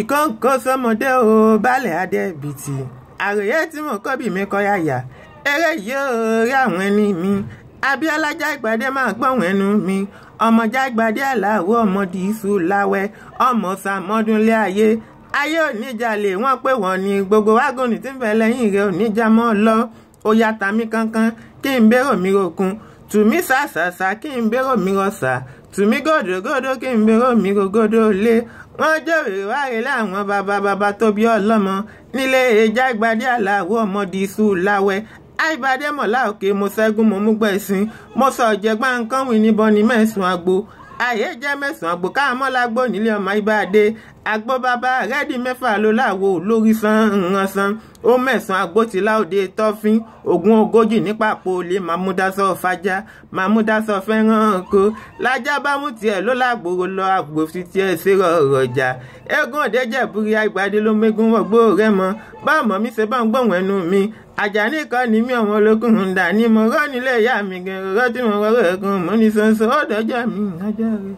ìkọ́ǹkọ́ sọmọdé o baálẹ̀ adẹ́bìtì àròyé tí mò ń kọ́bì mi kọ́ yàyà eré yóò rí àwọn ẹni mi abiola jágbádé máa gbọ̀wọ́n ẹnu mi ọmọ jágbádé aláwọ̀ ọmọdé iṣu láwẹ́ ọmọ sàmọ́dúnlé ayé ayé oníjàlè wọ́n pé wọ́n ní gbogbo wágònì tí ń bẹ lẹ́yìn rẹ̀ oníjà mọ́ lọ ó yá tàmí kankan kí n bérò mi rokun tùmí sàṣàṣà kí n bérò mi rọṣà tùmí gòdògòdò kí n bérò mi rogòdò lé wọ́n jòrè wáyé láwọn bàbá bàbá tó bí ọlọ́mọ nílé Jágbádé Àlàó ọmọdé iṣu láwẹ́ àìbádẹ́mọ̀lá òkè mo ṣẹ́gun mo mú gbẹ̀sìn mo sọ ọ̀jẹ̀gbá nǹkan wì níbọn ní mẹ́sàn-án àgbo àyè jẹ́ mẹ́sàn-án àgbo káàmọ́ lágbó nílé ọmọ Ìbàdàn àgbo bàbá rẹ́dì mẹ́fà ló láwo lórí san ǹran san ó mẹ̀sán agbótiláòde tọ́fín ogún ogójì ní pàpọ̀lé mamúdásọ fàjà mamúdásọ fẹ́ràn ko lájà bá mú tiẹ̀ ló lágbòrò lọ àgbòfi tiẹ̀ sérò ọ̀rọ̀jà eégún ọ̀dẹ́jẹ̀ búrí àgbàdé ló mégún wọ̀gbó rẹ̀ mọ́ bá mọ̀ mi ṣe bá ń gbọ̀wọ̀n ẹnu mi àjàní kan ní mi ọ̀wọ́n olókùn ń dà ní mo rọ́ nílé ìyá mi gan rọ́ tí mo rọ́ rẹ̀ kan mo ní sansan ó dọ́jà mi ajá rẹ̀.